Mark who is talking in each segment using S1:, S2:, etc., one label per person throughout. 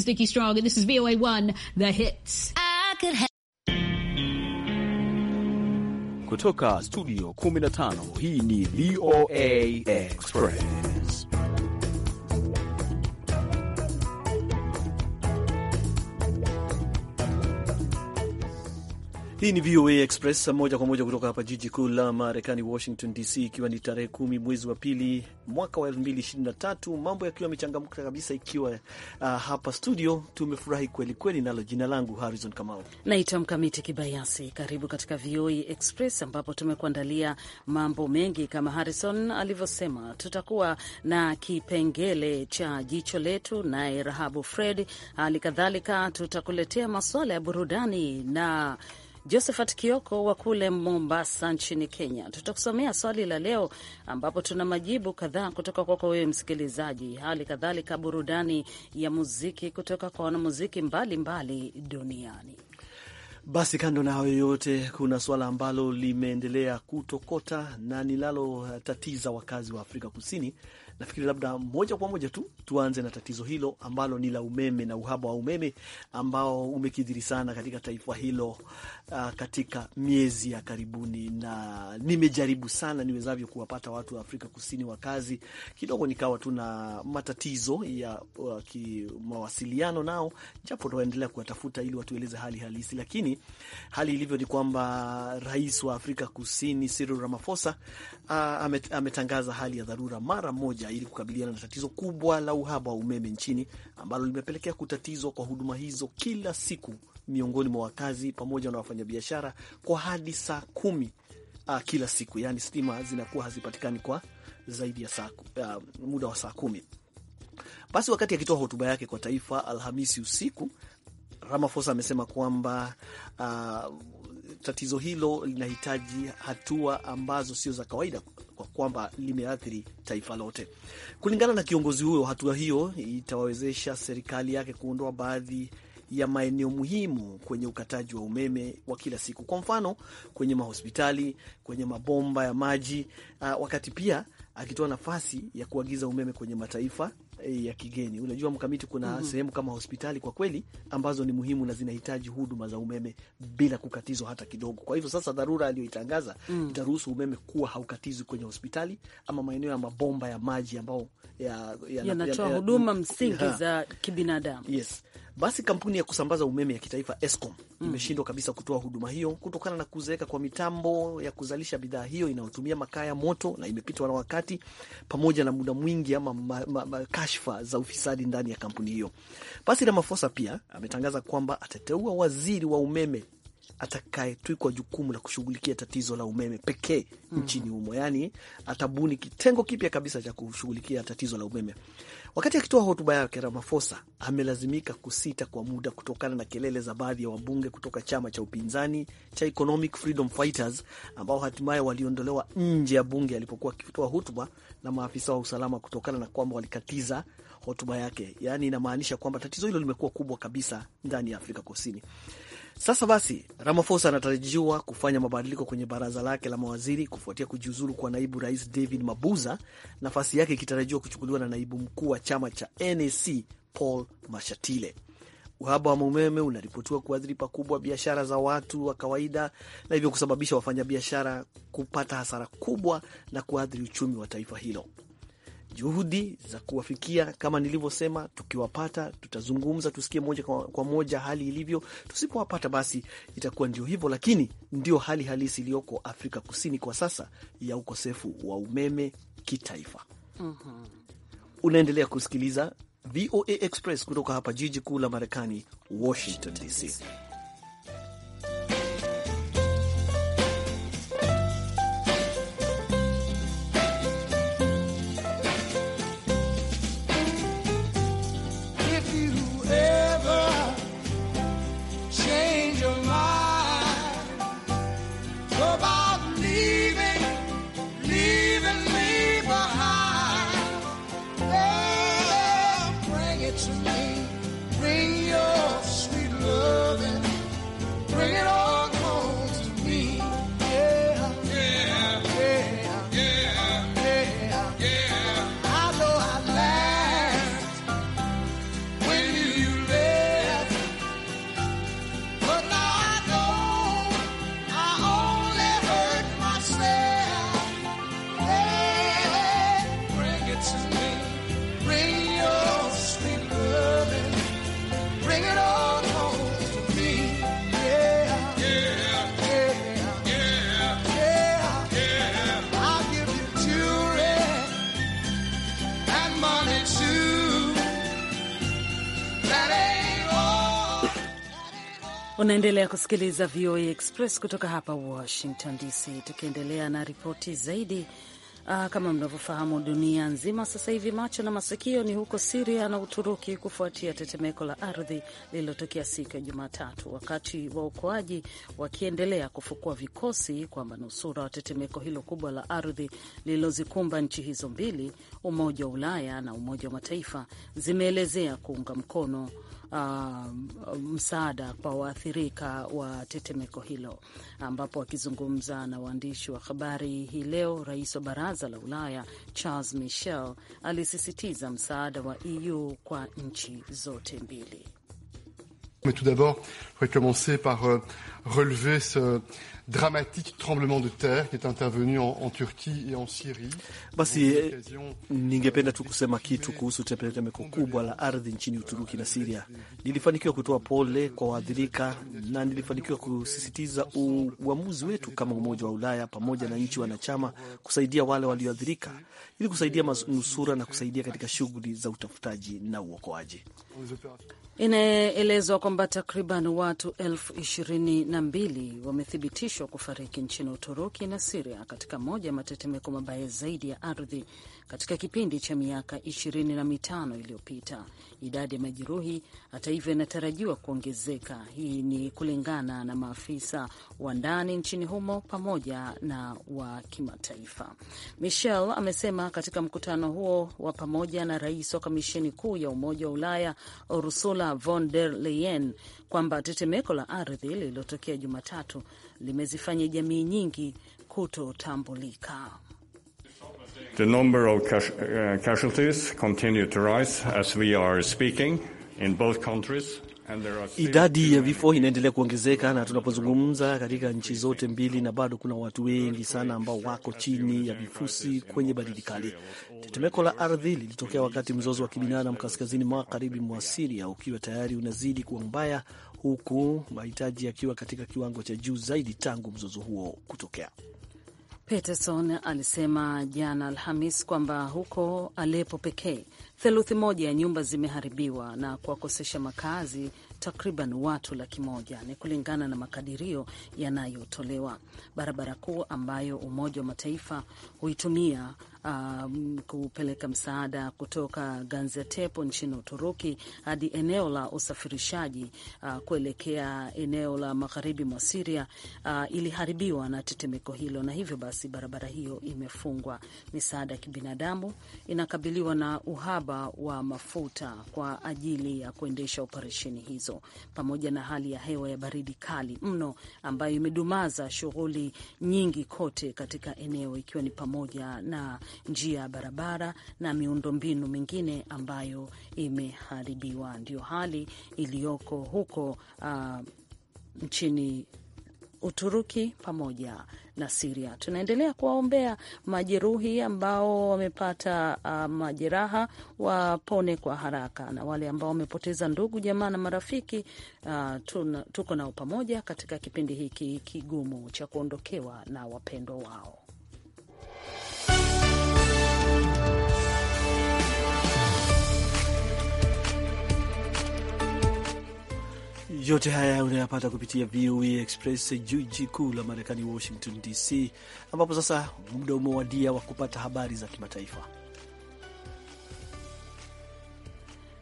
S1: It's Nikki Strong, and this is VOA One, the hits.
S2: Kutoka studio 15 hii ni VOA Express. Hii ni VOA Express moja kwa moja kutoka hapa jiji kuu la Marekani, Washington DC, ikiwa ni tarehe kumi mwezi wa pili mwaka wa elfu mbili ishirini na tatu mambo yakiwa yamechangamka kabisa, ikiwa uh, hapa studio tumefurahi kwelikweli. Nalo jina langu Harrison Kamau,
S1: naitwa Mkamiti Kibayasi. Karibu katika VOA Express ambapo tumekuandalia mambo mengi. Kama Harrison alivyosema, tutakuwa na kipengele cha jicho letu naye Rahabu Fred, hali kadhalika tutakuletea masuala ya burudani na Josephat Kioko wa kule Mombasa nchini Kenya. Tutakusomea swali la leo, ambapo tuna majibu kadhaa kutoka kwako wewe msikilizaji, hali kadhalika burudani ya muziki kutoka kwa wanamuziki mbalimbali duniani.
S2: Basi kando na hayo yote, kuna suala ambalo limeendelea kutokota na ninalotatiza wakazi wa Afrika Kusini Nafikiri labda moja kwa moja tu tuanze na tatizo hilo ambalo ni la umeme na uhaba wa umeme ambao umekidhiri sana katika taifa hilo uh, katika miezi ya karibuni, na nimejaribu sana niwezavyo kuwapata watu wa Afrika Kusini wakazi, kidogo nikawa tuna matatizo ya uh, mawasiliano nao, japo tunaendelea kuwatafuta ili watueleze hali halisi, lakini hali ilivyo ni kwamba rais wa Afrika Kusini Cyril Ramaphosa uh, ametangaza hali ya dharura mara moja ili kukabiliana na tatizo kubwa la uhaba wa umeme nchini ambalo limepelekea kutatizwa kwa huduma hizo kila siku miongoni mwa wakazi pamoja na wafanyabiashara kwa hadi saa kumi uh, kila siku, yaani stima zinakuwa hazipatikani kwa zaidi ya saa, uh, muda wa saa kumi. Basi wakati akitoa ya hotuba yake kwa taifa Alhamisi usiku, Ramaphosa amesema kwamba uh, tatizo hilo linahitaji hatua ambazo sio za kawaida kwa kwamba limeathiri taifa lote. Kulingana na kiongozi huyo, hatua hiyo itawawezesha serikali yake kuondoa baadhi ya maeneo muhimu kwenye ukataji wa umeme wa kila siku, kwa mfano kwenye mahospitali, kwenye mabomba ya maji, uh, wakati pia akitoa nafasi ya kuagiza umeme kwenye mataifa Eh, ya kigeni. Unajua mkamiti, kuna mm -hmm. sehemu kama hospitali kwa kweli ambazo ni muhimu na zinahitaji huduma za umeme bila kukatizwa hata kidogo. Kwa hivyo sasa dharura aliyoitangaza mm -hmm. itaruhusu umeme kuwa haukatizwi kwenye hospitali ama maeneo ya mabomba ya maji ambayo yanatoa ya ya ya huduma msingi
S1: za kibinadamu. Yes.
S2: Basi kampuni ya kusambaza umeme ya kitaifa Eskom mm. imeshindwa kabisa kutoa huduma hiyo kutokana na kuzeeka kwa mitambo ya kuzalisha bidhaa hiyo inayotumia makaa ya moto na imepitwa na wakati, pamoja na muda mwingi ama kashfa za ufisadi ndani ya kampuni hiyo. Basi Ramafosa pia ametangaza kwamba atateua waziri wa umeme atakayetwikwa jukumu la kushughulikia tatizo la umeme pekee mm. nchini humo, yaani atabuni kitengo kipya kabisa cha kushughulikia tatizo la umeme. Wakati akitoa hotuba yake, ramafosa amelazimika kusita kwa muda kutokana na kelele za baadhi ya wabunge kutoka chama cha upinzani cha Economic Freedom Fighters ambao hatimaye waliondolewa nje ya bunge alipokuwa akitoa hotuba na maafisa wa usalama kutokana na kwamba walikatiza hotuba yake. Yaani inamaanisha kwamba tatizo hilo limekuwa kubwa kabisa ndani ya Afrika Kusini. Sasa basi, Ramaphosa anatarajiwa kufanya mabadiliko kwenye baraza lake la mawaziri kufuatia kujiuzulu kwa naibu rais David Mabuza, nafasi yake ikitarajiwa kuchukuliwa na naibu mkuu wa chama cha NAC Paul Mashatile. Uhaba wa umeme unaripotiwa kuathiri pakubwa biashara za watu wa kawaida na hivyo kusababisha wafanyabiashara kupata hasara kubwa na kuathiri uchumi wa taifa hilo juhudi za kuwafikia. Kama nilivyosema, tukiwapata tutazungumza, tusikie moja kwa moja hali ilivyo. Tusipowapata basi itakuwa ndio hivyo, lakini ndio hali halisi iliyoko Afrika Kusini kwa sasa ya ukosefu wa umeme kitaifa. mm -hmm. Unaendelea kusikiliza VOA Express kutoka hapa jiji kuu la Marekani, Washington DC.
S1: Unaendelea kusikiliza VOA Express kutoka hapa Washington DC, tukiendelea na ripoti zaidi. Aa, ah, kama mnavyofahamu dunia nzima sasa hivi macho na masikio ni huko Siria na Uturuki kufuatia tetemeko la ardhi lililotokea siku ya Jumatatu, wakati waokoaji wakiendelea kufukua vikosi kwa manusura wa tetemeko hilo kubwa la ardhi lililozikumba nchi hizo mbili. Umoja wa Ulaya na Umoja wa Mataifa zimeelezea kuunga mkono uh, msaada kwa waathirika wa tetemeko hilo, ambapo akizungumza na waandishi wa habari hii leo, rais wa baraza la Ulaya Charles Michel alisisitiza msaada wa EU kwa nchi zote mbili.
S3: Mais tout d'abord, je vais commencer par euh, relever ce dramatique tremblement de terre qui est intervenu en, en Turquie et en Syrie.
S2: Basi ningependa tu euh, kusema kitu kuhusu tetemeko kubwa la ardhi nchini Uturuki na Syria. Nilifanikiwa kutoa pole kwa waathirika na nilifanikiwa kusisitiza uamuzi wetu kama Umoja wa Ulaya pamoja na nchi wanachama kusaidia wale walioathirika ili kusaidia manusura na kusaidia katika shughuli za utafutaji na uokoaji.
S1: Inaelezwa kwamba takriban watu elfu ishirini na mbili wamethibitishwa wanajeshi wa kufariki nchini Uturuki na Siria katika moja ya matetemeko mabaya zaidi ya ardhi katika kipindi cha miaka ishirini na mitano iliyopita. Idadi ya majeruhi hata hivyo inatarajiwa kuongezeka. Hii ni kulingana na maafisa wa ndani nchini humo pamoja na wa kimataifa. Michel amesema katika mkutano huo wa pamoja na rais wa kamisheni kuu ya Umoja wa Ulaya Ursula von der Leyen kwamba tetemeko la ardhi lililotokea Jumatatu limezifanya jamii nyingi kutotambulika. The number of uh, casualties continue to rise as we are speaking in both countries
S2: idadi ya vifo inaendelea kuongezeka, na tunapozungumza katika nchi zote mbili, na bado kuna watu wengi sana ambao wako chini ya vifusi kwenye baridi kali. Tetemeko la ardhi lilitokea wakati mzozo wa kibinadamu kaskazini magharibi mwa Siria ukiwa tayari unazidi kuwa mbaya, huku mahitaji yakiwa katika kiwango cha juu zaidi tangu mzozo huo kutokea.
S1: Peterson alisema jana Alhamis kwamba huko Alepo pekee Theluthi moja ya nyumba zimeharibiwa na kuwakosesha makazi takriban watu laki moja ni kulingana na makadirio yanayotolewa. Barabara kuu ambayo Umoja wa Mataifa huitumia um, kupeleka msaada kutoka Ganziantepo nchini Uturuki hadi eneo la usafirishaji uh, kuelekea eneo la magharibi mwa Siria uh, iliharibiwa na tetemeko hilo, na hivyo basi barabara hiyo imefungwa. Misaada ya kibinadamu inakabiliwa na uhaba wa mafuta kwa ajili ya kuendesha operesheni hizo, pamoja na hali ya hewa ya baridi kali mno ambayo imedumaza shughuli nyingi kote katika eneo, ikiwa ni pamoja na njia ya barabara na miundombinu mingine ambayo imeharibiwa. Ndio hali iliyoko huko uh, nchini Uturuki pamoja na Siria. Tunaendelea kuwaombea majeruhi ambao wamepata uh, majeraha wapone kwa haraka, na wale ambao wamepoteza ndugu, jamaa na marafiki uh, tuna, tuko nao pamoja katika kipindi hiki kigumu cha kuondokewa na wapendwa wao.
S2: Yote haya unayapata kupitia VOA Express, jiji kuu la Marekani, Washington DC, ambapo sasa muda umewadia wa kupata habari za kimataifa.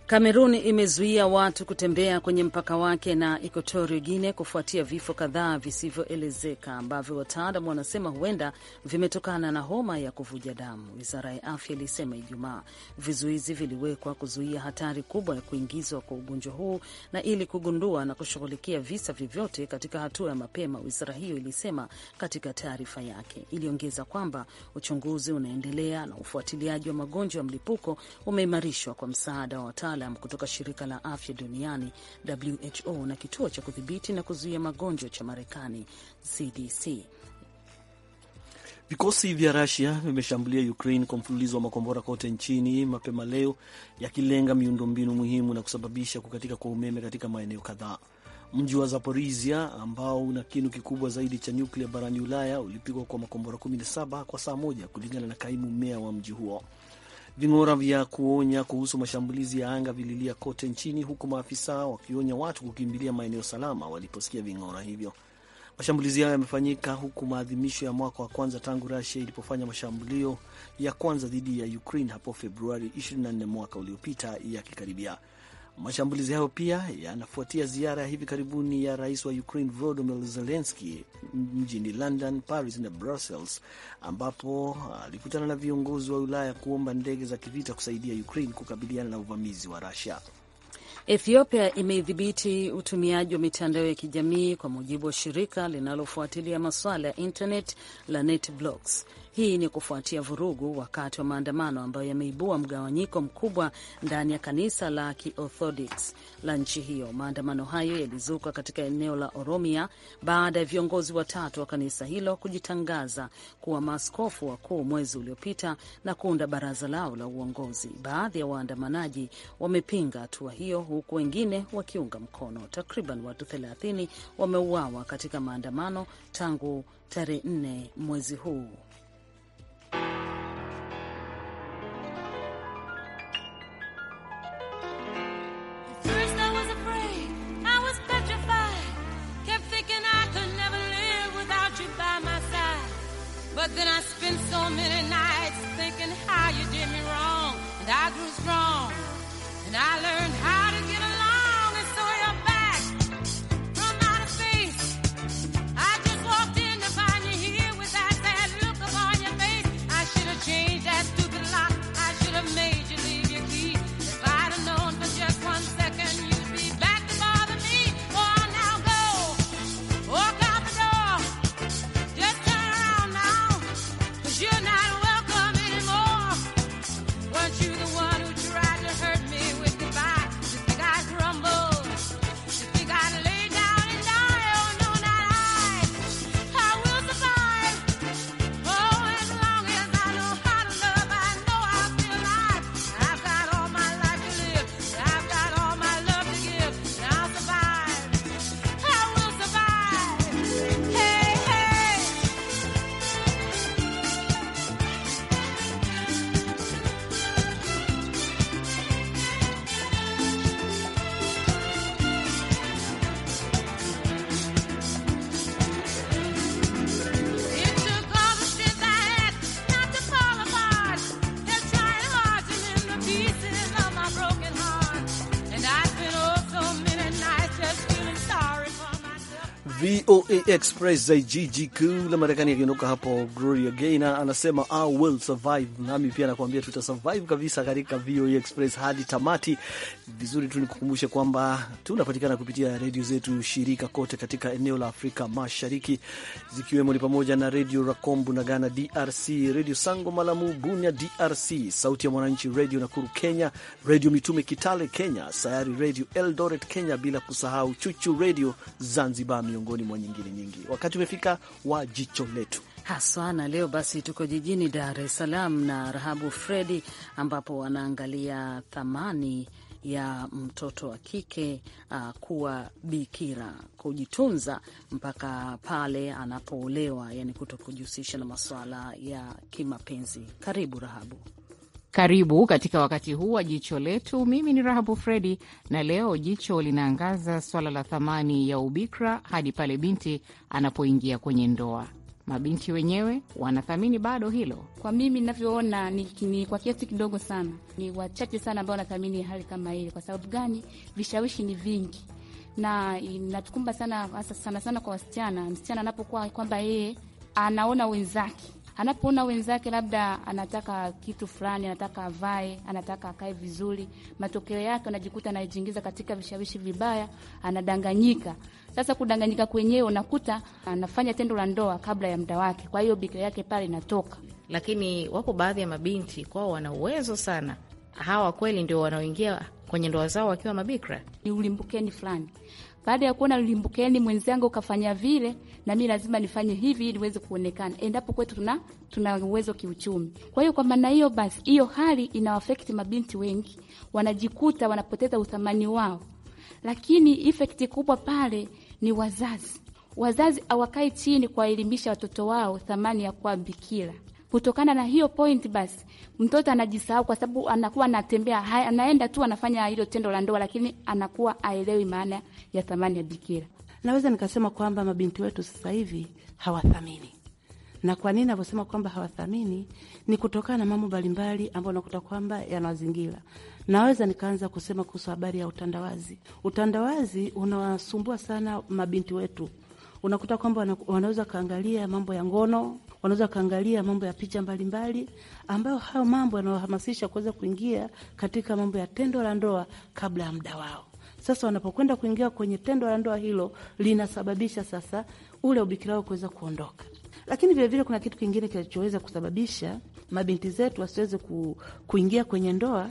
S1: Kamerun imezuia watu kutembea kwenye mpaka wake na Equatorial Guinea kufuatia vifo kadhaa visivyoelezeka ambavyo wataalam wanasema huenda vimetokana na homa ya kuvuja damu. Wizara ya afya ilisema Ijumaa vizuizi viliwekwa kuzuia hatari kubwa ya kuingizwa kwa ugonjwa huu na ili kugundua na kushughulikia visa vyovyote katika hatua ya mapema, wizara hiyo ilisema katika taarifa yake. Iliongeza kwamba uchunguzi unaendelea na ufuatiliaji wa magonjwa ya mlipuko umeimarishwa kwa msaada wa wataalam wataalam kutoka shirika la afya duniani WHO na kituo cha kudhibiti na kuzuia magonjwa cha Marekani CDC.
S2: Vikosi vya Rusia vimeshambulia Ukraine kwa mfululizo wa makombora kote nchini mapema leo, yakilenga miundombinu muhimu na kusababisha kukatika kwa umeme katika maeneo kadhaa. Mji wa Zaporizhia ambao una kinu kikubwa zaidi cha nyuklia barani Ulaya ulipigwa kwa makombora 17 kwa saa moja, kulingana na kaimu meya wa mji huo. Ving'ora vya kuonya kuhusu mashambulizi ya anga vililia kote nchini, huku maafisa wakionya watu kukimbilia maeneo salama waliposikia ving'ora hivyo. Mashambulizi hayo yamefanyika huku maadhimisho ya mwaka wa kwanza tangu Rusia ilipofanya mashambulio ya kwanza dhidi ya Ukraine hapo Februari 24 mwaka uliopita yakikaribia. Mashambulizi hayo pia yanafuatia ziara ya hivi karibuni ya rais wa Ukraine Volodymyr Zelensky mjini London, Paris na Brussels, ambapo alikutana na viongozi wa Ulaya kuomba ndege za kivita kusaidia Ukraine kukabiliana na uvamizi wa rasia
S1: Ethiopia imeidhibiti utumiaji wa mitandao ya kijamii kwa mujibu wa shirika linalofuatilia masuala ya internet la NetBlocks. Hii ni kufuatia vurugu wakati wa maandamano ambayo yameibua mgawanyiko mkubwa ndani ya kanisa la Kiorthodox la nchi hiyo. Maandamano hayo yalizuka katika eneo la Oromia baada ya viongozi watatu wa kanisa hilo kujitangaza kuwa maaskofu wakuu mwezi uliopita na kuunda baraza lao la uongozi. Baadhi ya waandamanaji wamepinga hatua hiyo, huku wengine wakiunga mkono. Takriban watu 30 wameuawa katika maandamano tangu tarehe 4 mwezi huu.
S2: VOA Express za jiji kuu la Marekani, akiondoka hapo Gloria Gaynor anasema I will survive. Nami pia nakuambia survive kabisa katika VOA Express hadi tamati. Vizuri tu nikukumbushe kwamba tunapatikana kupitia redio zetu shirika kote katika eneo la Afrika Mashariki, zikiwemo ni pamoja na redio Rakombu na Ghana DRC, redio Sango Malamu Bunya DRC, sauti ya mwananchi redio Nakuru Kenya, redio Mitume Kitale Kenya, sayari redio Eldoret Kenya, bila kusahau chuchu redio Zanzibar, miongoni miongoni mwa nyingine nyingi. Wakati umefika wa jicho letu
S1: haswa na leo basi, tuko jijini Dar es Salaam na Rahabu Fredi, ambapo wanaangalia thamani ya mtoto wa kike uh, kuwa bikira, kujitunza mpaka pale anapoolewa, yani kuto kujihusisha na masuala ya kimapenzi. Karibu Rahabu.
S4: Karibu katika wakati huu wa jicho letu. Mimi ni Rahabu Fredi, na leo jicho linaangaza swala la thamani ya ubikra hadi pale binti anapoingia kwenye ndoa. Mabinti wenyewe wanathamini bado hilo? Kwa mimi ninavyoona ni, ni kwa kiasi kidogo sana, ni wachache sana ambao wanathamini hali kama hili. Kwa sababu gani? Vishawishi ni vingi na inatukumba sana hasa sana sana kwa wasichana. Msichana anapokuwa kwamba yeye anaona wenzake anapoona wenzake labda anataka kitu fulani, anataka avae, anataka akae vizuri, matokeo yake anajikuta anajiingiza katika vishawishi vibaya, anadanganyika. Sasa kudanganyika kwenyewe unakuta anafanya tendo la ndoa kabla ya muda wake, kwa hiyo bikira yake pale inatoka. Lakini wapo baadhi ya mabinti kwao wana uwezo sana, hawa kweli ndio wanaoingia kwenye ndoa zao wakiwa mabikra ni ulimbukeni fulani baada ya kuona limbukeni mwenzangu kafanya vile, na mi lazima nifanye hivi ili niweze kuonekana, endapo kwetu tuna tuna uwezo kiuchumi. Kwa hiyo kwa maana hiyo basi, hiyo hali inawafekti mabinti wengi, wanajikuta wanapoteza uthamani wao, lakini efekti kubwa pale ni wazazi. Wazazi hawakai chini kuwaelimisha watoto wao thamani ya kuwa bikira Kutokana na hiyo point, basi mtoto anajisahau kwa sababu anakuwa anatembea, anaenda tu anafanya hilo tendo la ndoa, lakini anakuwa aelewi maana ya thamani ya bikira.
S3: Naweza nikasema kwamba mabinti wetu sasa hivi hawathamini na kwa nini navyosema kwamba hawathamini ni kutokana na mambo mbalimbali ambayo unakuta kwamba yanawazingira. Naweza nikaanza kusema kuhusu habari ya utandawazi. Utandawazi unawasumbua sana mabinti wetu, unakuta kwamba wanaweza kaangalia mambo ya ngono wanaweza wakaangalia mambo ya picha mbalimbali mbali, ambayo hayo mambo yanawahamasisha kuweza kuingia katika mambo ya tendo la ndoa kabla ya muda wao. Sasa wanapokwenda kuingia kwenye tendo la ndoa, hilo linasababisha sasa ule ubikira wao kuweza kuondoka. Lakini vilevile kuna kitu kingine kinachoweza kusababisha mabinti zetu wasiweze ku, kuingia kwenye ndoa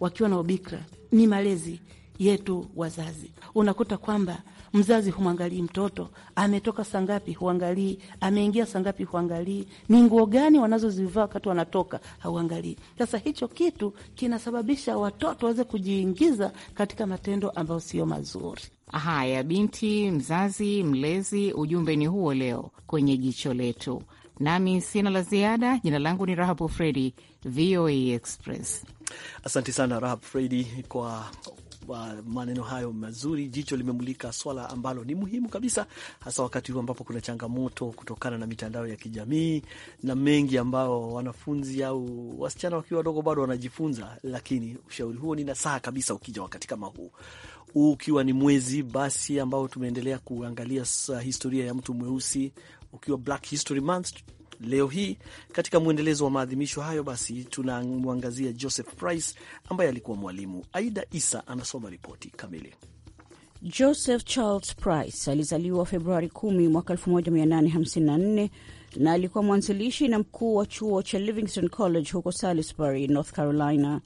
S3: wakiwa na ubikira, ni malezi yetu wazazi. Unakuta kwamba Mzazi humwangalii mtoto ametoka saa ngapi, huangalii ameingia saa ngapi, huangalii ni nguo gani wanazozivaa wakati wanatoka, hauangalii. Sasa hicho kitu kinasababisha watoto waweze kujiingiza katika matendo ambayo sio mazuri.
S4: Haya, binti, mzazi, mlezi, ujumbe ni huo leo kwenye jicho letu, nami sina la ziada. Jina langu ni Rahabu Fredi, VOA Express.
S2: Asante sana Rahab Fredi kwa maneno hayo mazuri. Jicho limemulika swala ambalo ni muhimu kabisa, hasa wakati huu ambapo kuna changamoto kutokana na mitandao ya kijamii na mengi ambayo wanafunzi au wasichana wakiwa wadogo bado wanajifunza. Lakini ushauri huo ni nasaha kabisa, ukija wakati kama huu huu ukiwa ni mwezi basi ambao tumeendelea kuangalia historia ya mtu mweusi ukiwa Black History Month Leo hii katika mwendelezo wa maadhimisho hayo, basi tunamwangazia Joseph Price ambaye alikuwa mwalimu. Aida Isa anasoma ripoti kamili.
S5: Joseph Charles Price alizaliwa Februari 10 mwaka 1854 na alikuwa mwanzilishi na mkuu wa chuo cha Livingston College huko Salisbury, North Carolina.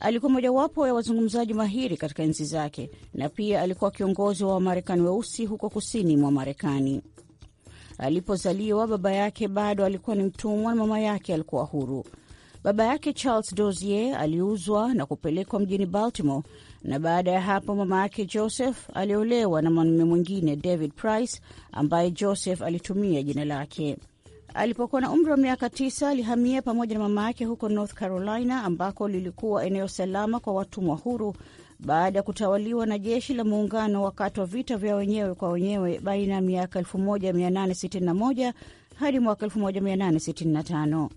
S5: Alikuwa mojawapo ya wazungumzaji mahiri katika enzi zake na pia alikuwa kiongozi wa Wamarekani weusi huko kusini mwa Marekani. Alipozaliwa baba yake bado alikuwa ni mtumwa na mama yake alikuwa huru. Baba yake Charles Dozier aliuzwa na kupelekwa mjini Baltimore, na baada ya hapo mama yake Joseph aliolewa na mwanaume mwingine David Price, ambaye Joseph alitumia jina lake. Alipokuwa na umri wa miaka tisa alihamia pamoja na mama yake huko North Carolina, ambako lilikuwa eneo salama kwa watumwa huru baada ya kutawaliwa na jeshi la muungano wakati wa vita vya wenyewe kwa wenyewe baina ya miaka 1861 hadi mwaka 1865.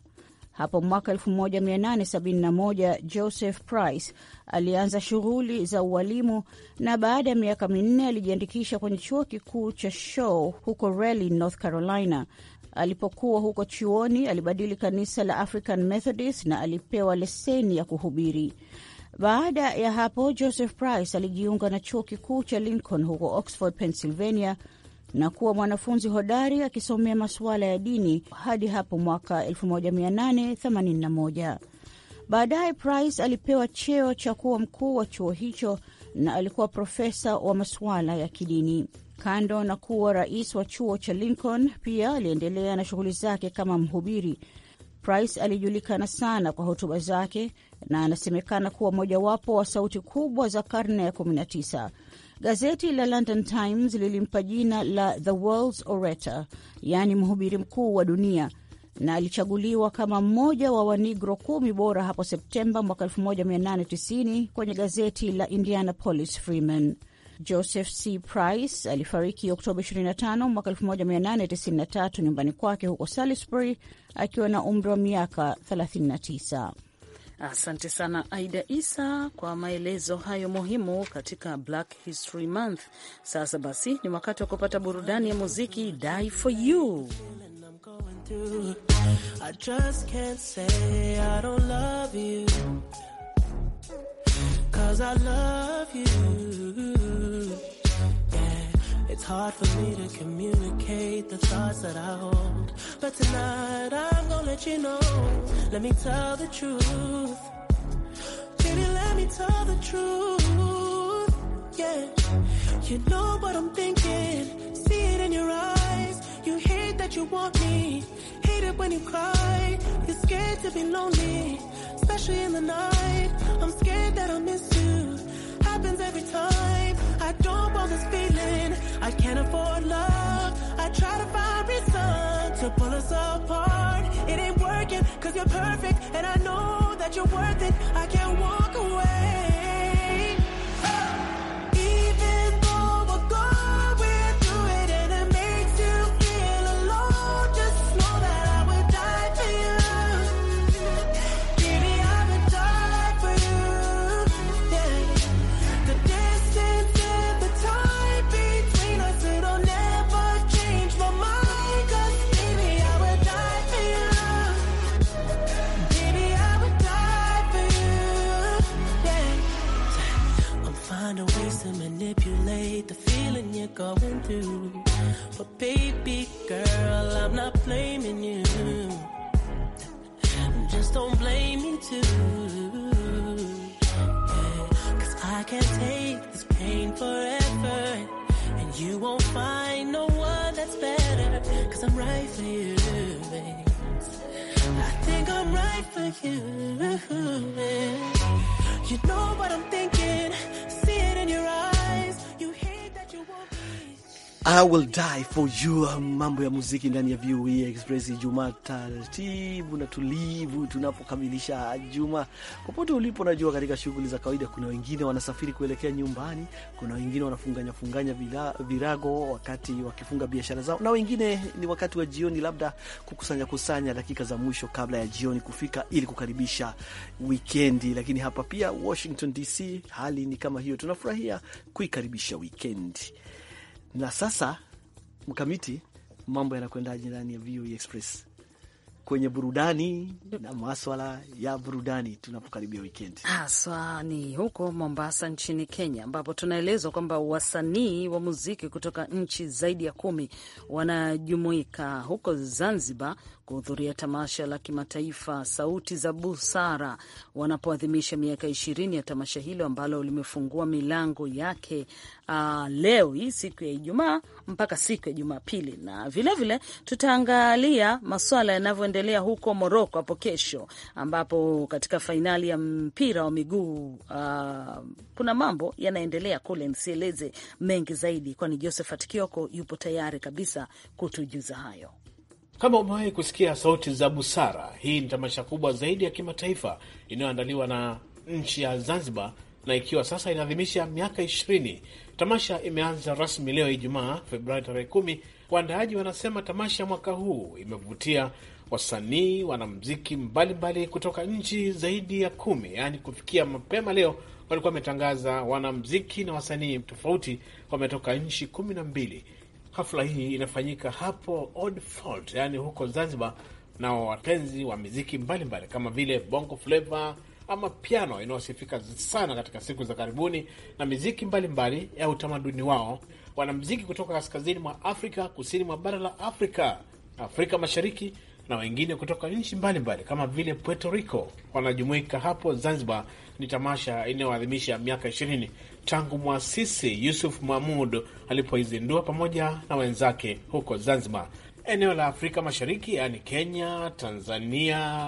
S5: Hapo mwaka 1871 Joseph Price alianza shughuli za ualimu na baada ya miaka minne alijiandikisha kwenye chuo kikuu cha Shaw huko Raleigh, North Carolina. Alipokuwa huko chuoni, alibadili kanisa la African Methodist na alipewa leseni ya kuhubiri. Baada ya hapo, Joseph Price alijiunga na chuo kikuu cha Lincoln huko Oxford, Pennsylvania na kuwa mwanafunzi hodari akisomea masuala ya dini hadi hapo mwaka 1881. Baadaye Price alipewa cheo cha kuwa mkuu wa chuo hicho na alikuwa profesa wa masuala ya kidini. Kando na kuwa rais wa chuo cha Lincoln, pia aliendelea na shughuli zake kama mhubiri. Price alijulikana sana kwa hotuba zake, na anasemekana kuwa mojawapo wa sauti kubwa za karne ya 19. Gazeti la London Times lilimpa jina la The World's Orator, yaani mhubiri mkuu wa dunia, na alichaguliwa kama mmoja wa wanigro kumi bora hapo Septemba mwaka 1890 kwenye gazeti la Indianapolis Freeman. Joseph C. Price alifariki Oktoba 25 mwaka 1893 nyumbani kwake huko Salisbury akiwa na umri wa miaka 39.
S1: Asante sana Aida Isa kwa maelezo hayo muhimu katika Black History Month. Sasa basi, ni wakati wa kupata burudani ya muziki Die for You.
S6: It's hard for me to communicate the thoughts that I hold. But tonight I'm gonna let you know. Let me tell the truth. Baby, let me tell the truth. Yeah. You know what I'm thinking. See it in your eyes. You hate that you want me. Hate it when you cry. You're scared to be lonely. Especially in the night. I'm scared that I'll miss you happens every time. I don't want this feeling. I can't afford love. I try to find reason to pull us apart. It ain't working, cause you're perfect, and I know that you're worth it. I can't want
S2: will die for you. Mambo ya muziki ndani ya VOA e Express juma taratibu na tulivu, tunapokamilisha juma. Popote ulipo, najua katika shughuli za kawaida, kuna wengine wanasafiri kuelekea nyumbani, kuna wengine wanafunganya funganya virago wakati wakifunga biashara zao, na wengine ni wakati wa jioni, labda kukusanya kusanya dakika za mwisho kabla ya jioni kufika, ili kukaribisha wikendi. Lakini hapa pia Washington DC hali ni kama hiyo, tunafurahia kuikaribisha wikendi. Na sasa mkamiti, mambo yanakwendaje ndani ya VOA Express kwenye burudani na maswala ya burudani tunapokaribia wikendi
S1: haswa ni huko Mombasa nchini Kenya, ambapo tunaelezwa kwamba wasanii wa muziki kutoka nchi zaidi ya kumi wanajumuika huko Zanzibar kuhudhuria tamasha la kimataifa Sauti za Busara wanapoadhimisha miaka ishirini ya tamasha hilo ambalo limefungua milango yake uh, leo hii siku ya Ijumaa mpaka siku ya Jumapili, na vilevile tutaangalia masuala yanavyoendelea huko Moroko hapo kesho, ambapo katika fainali ya mpira wa miguu uh, kuna mambo yanaendelea kule. Nisieleze mengi zaidi, kwani Josephat Kioko yupo tayari kabisa kutujuza hayo.
S7: Kama umewahi kusikia sauti za busara, hii ni tamasha kubwa zaidi ya kimataifa inayoandaliwa na nchi ya Zanzibar na ikiwa sasa inaadhimisha miaka ishirini. Tamasha imeanza rasmi leo Ijumaa, Februari tarehe kumi. Waandaaji wanasema tamasha mwaka huu imevutia wasanii, wanamziki mbalimbali kutoka nchi zaidi ya kumi. Yaani kufikia mapema leo walikuwa wametangaza wanamziki na wasanii tofauti wametoka nchi kumi na mbili. Hafla hii inafanyika hapo Old Fort, yaani huko Zanzibar, na wapenzi wa miziki mbalimbali kama vile bongo flava ama piano inayosifika sana katika siku za karibuni na miziki mbalimbali mbali ya utamaduni wao. Wanamziki kutoka kaskazini mwa Afrika, kusini mwa bara la Afrika, Afrika Mashariki na wengine kutoka nchi mbalimbali kama vile Puerto Rico wanajumuika hapo Zanzibar ni tamasha inayoadhimisha miaka ishirini tangu mwasisi Yusuf Mahmud alipoizindua pamoja na wenzake huko Zanzibar, eneo la Afrika Mashariki, yaani Kenya, Tanzania,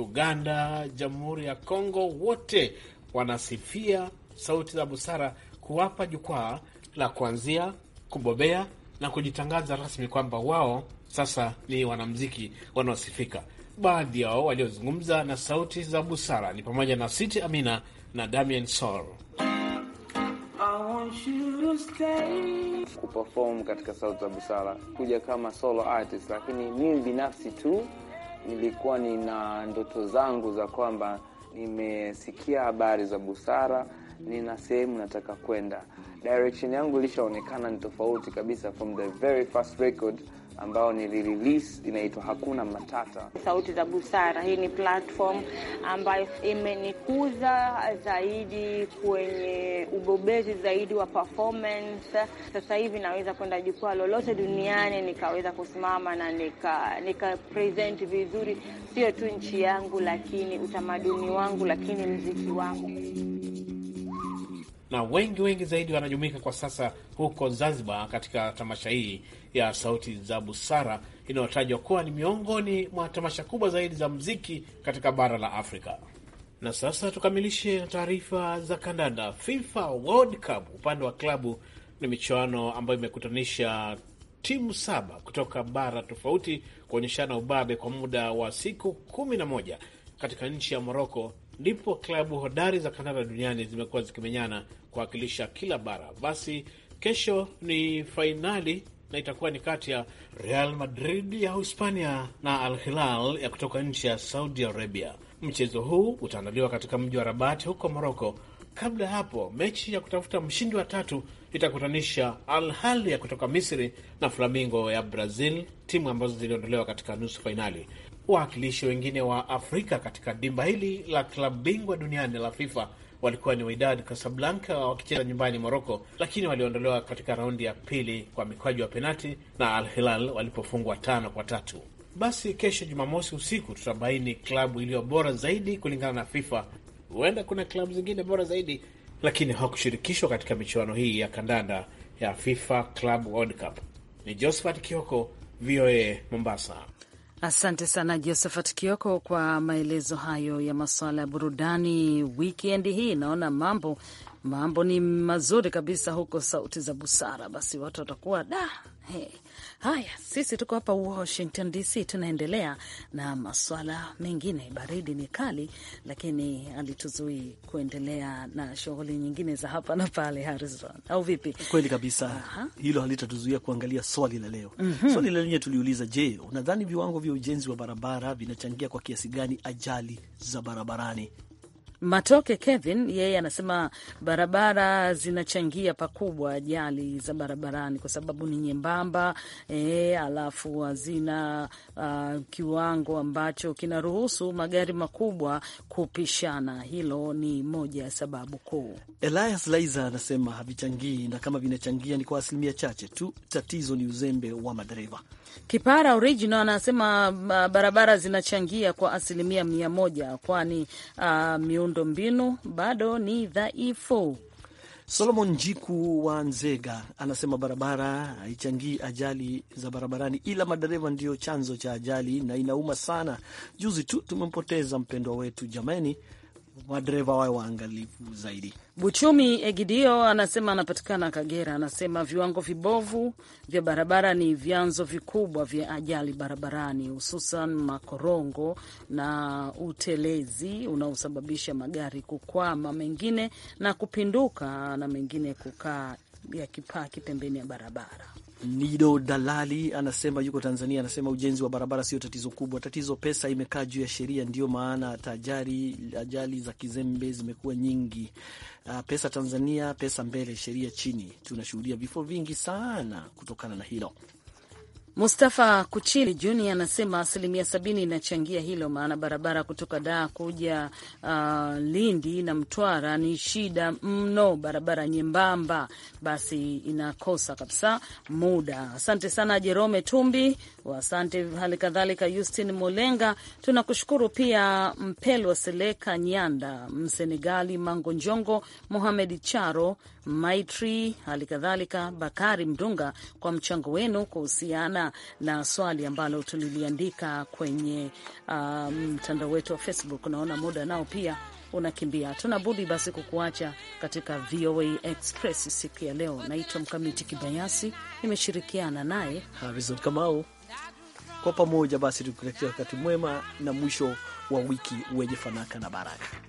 S7: Uganda, Jamhuri ya Kongo. Wote wanasifia sauti za busara kuwapa jukwaa la kuanzia kubobea na kujitangaza rasmi kwamba wao sasa ni wanamziki wanaosifika. Baadhi yao waliozungumza na sauti za busara ni pamoja na Siti Amina na Damian Sol
S3: kuperform katika sauti za busara, kuja kama solo artist, lakini mimi binafsi tu nilikuwa nina ndoto zangu za kwamba nimesikia habari za busara, nina sehemu nataka kwenda. Direction yangu ilishaonekana ni tofauti kabisa from the very first record ambao nilirelease inaitwa Hakuna Matata,
S5: Sauti za Busara. Hii ni platform ambayo imenikuza zaidi kwenye ubobezi zaidi wa performance. Sasa hivi naweza kwenda jukwaa lolote duniani nikaweza kusimama na nika,
S4: nika present vizuri, sio tu nchi yangu, lakini utamaduni wangu, lakini mziki wangu
S7: na wengi wengi zaidi wanajumuika kwa sasa huko Zanzibar katika tamasha hii ya Sauti za Busara inayotajwa kuwa ni miongoni mwa tamasha kubwa zaidi za mziki katika bara la Afrika. Na sasa tukamilishe taarifa za kandanda. FIFA World Cup upande wa klabu ni michuano ambayo imekutanisha timu saba kutoka bara tofauti kuonyeshana ubabe kwa muda wa siku kumi na moja katika nchi ya Moroko ndipo klabu hodari za kandanda duniani zimekuwa zikimenyana kuwakilisha kila bara. Basi kesho ni fainali na itakuwa ni kati ya Real Madrid ya Hispania na Al Hilal ya kutoka nchi ya Saudi Arabia. Mchezo huu utaandaliwa katika mji wa Rabat huko Moroko. Kabla ya hapo, mechi ya kutafuta mshindi wa tatu itakutanisha Al Ahly ya kutoka Misri na flamingo ya Brazil, timu ambazo ziliondolewa katika nusu fainali. Wawakilishi wengine wa Afrika katika dimba hili la klabu bingwa duniani la FIFA walikuwa ni Wydad Casablanca wakicheza nyumbani Moroko, lakini waliondolewa katika raundi ya pili kwa mikwaju ya penati na Al Hilal walipofungwa tano kwa tatu. Basi kesho Jumamosi usiku tutabaini klabu iliyo bora zaidi kulingana na FIFA. Huenda kuna klabu zingine bora zaidi, lakini hawakushirikishwa katika michuano hii ya kandanda ya FIFA Club World Cup. Ni Josephat Kioko, VOA Mombasa.
S1: Asante sana Josephat Kioko kwa maelezo hayo ya masuala ya burudani wikendi hii. Naona mambo Mambo ni mazuri kabisa huko Sauti za Busara. Basi watu watakuwa da hey. Haya, sisi tuko hapa Washington DC, tunaendelea na maswala mengine. Baridi ni kali, lakini alituzui kuendelea na shughuli nyingine za hapa na pale. Harrison, au vipi? Kweli
S2: kabisa. Aha. Hilo halitatuzuia kuangalia swali la leo. mm -hmm. Swali la lenye tuliuliza, je, unadhani viwango
S1: vya ujenzi wa barabara
S2: vinachangia kwa kiasi gani ajali za barabarani?
S1: Matoke Kevin yeye anasema barabara zinachangia pakubwa ajali za barabarani kwa sababu ni nyembamba e, alafu hazina uh, kiwango ambacho kinaruhusu magari makubwa kupishana. Hilo ni moja ya sababu kuu.
S2: Elias Laiza anasema havichangii, na kama vinachangia ni kwa asilimia chache tu. Tatizo ni uzembe wa madereva.
S1: Kipara Original anasema ah, barabara zinachangia kwa asilimia mia moja kwani uh, miundombinu bado ni dhaifu. Solomon Njiku wa Nzega
S2: anasema barabara haichangii ajali za barabarani, ila madereva ndiyo chanzo cha ajali na inauma sana. Juzi tu tumempoteza mpendwa wetu, jamani, madereva wawe waangalifu zaidi.
S1: Buchumi Egidio anasema, anapatikana Kagera, anasema viwango vibovu vya barabara ni vyanzo vikubwa vya ajali barabarani, hususan makorongo na utelezi unaosababisha magari kukwama, mengine na kupinduka na mengine kukaa yakipaki pembeni ya barabara.
S2: Nido Dalali anasema yuko Tanzania, anasema ujenzi wa barabara sio tatizo kubwa, tatizo pesa imekaa juu ya sheria. ndio maana tajari ajali za kizembe zimekuwa nyingi. Uh, pesa Tanzania, pesa mbele, sheria chini. Tunashuhudia vifo
S1: vingi sana kutokana na hilo. Mustafa Kuchili Junior anasema asilimia sabini inachangia hilo, maana barabara kutoka Daa kuja uh, Lindi na Mtwara ni shida mno, barabara nyembamba, basi inakosa kabisa muda. Asante sana Jerome Tumbi, asante hali kadhalika yustin Molenga, tunakushukuru pia Mpelwa Seleka Nyanda, Msenegali Mangonjongo, Mohamed Charo Maitri, hali kadhalika Bakari Mdunga kwa mchango wenu kuhusiana na swali ambalo tuliliandika kwenye um, mtandao um, wetu wa Facebook. Unaona muda nao pia unakimbia, tunabudi basi kukuacha katika VOA Express siku ya leo. Naitwa Mkamiti Kibayasi, nimeshirikiana naye
S2: Harizon Kamau. Kwa pamoja basi tukutakia wakati mwema na mwisho wa wiki wenye fanaka na baraka.